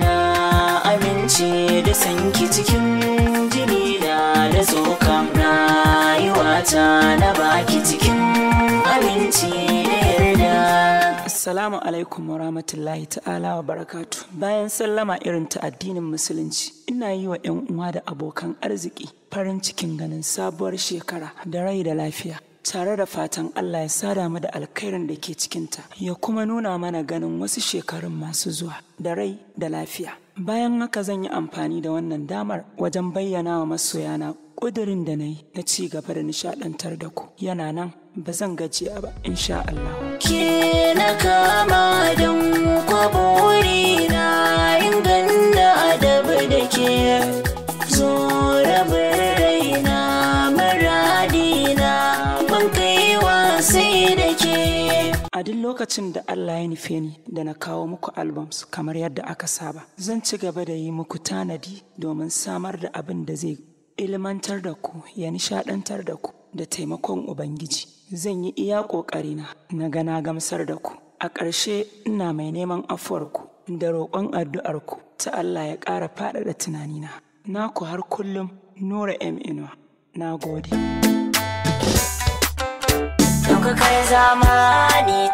Na amince da sanki cikin jini da tsoka rayuwata na baki cikin aminci da yarda. Assalamu alaikum wa rahmatullahi ta'ala wa barakatu. Bayan sallama irin ta addinin musulunci, ina yi wa 'yan uwa da abokan arziki farin cikin ganin sabuwar shekara da rai da lafiya. tare da fatan Allah ya sada mu da alkhairin da ke cikinta ya kuma nuna mana ganin wasu shekarun masu zuwa da rai da lafiya. Bayan haka zan yi amfani da wannan damar wajen bayyana wa masoyana ƙudurin da na yi na ci gaba da nishaɗantar da ku yana nan ba zan gajiya ba insha Allah. A duk lokacin da Allah ya nufe ni da na kawo muku albums kamar yadda aka saba, zan ci gaba da yi muku tanadi domin samar da abin da zai ilmantar da ku ya nishadantar da ku da taimakon Ubangiji. Zan yi iya ƙoƙarina na gana gamsar da ku. A ƙarshe ina mai neman ku da roƙon addu'ar ku. ta Allah ya ƙara faɗaɗa tunanina. ku har kullum Nura M. Inuwa. Na gode. Ɗaukakar zamani